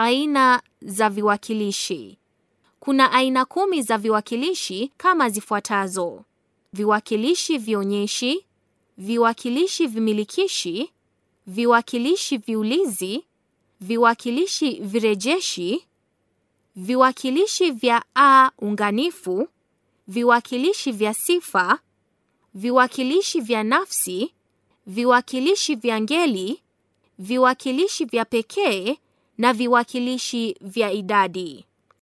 Aina za viwakilishi. Kuna aina kumi za viwakilishi kama zifuatazo: viwakilishi vionyeshi, viwakilishi vimilikishi, viwakilishi viulizi, viwakilishi virejeshi, viwakilishi vya a unganifu, viwakilishi vya sifa, viwakilishi vya nafsi, viwakilishi vya ngeli, viwakilishi vya pekee na viwakilishi vya idadi.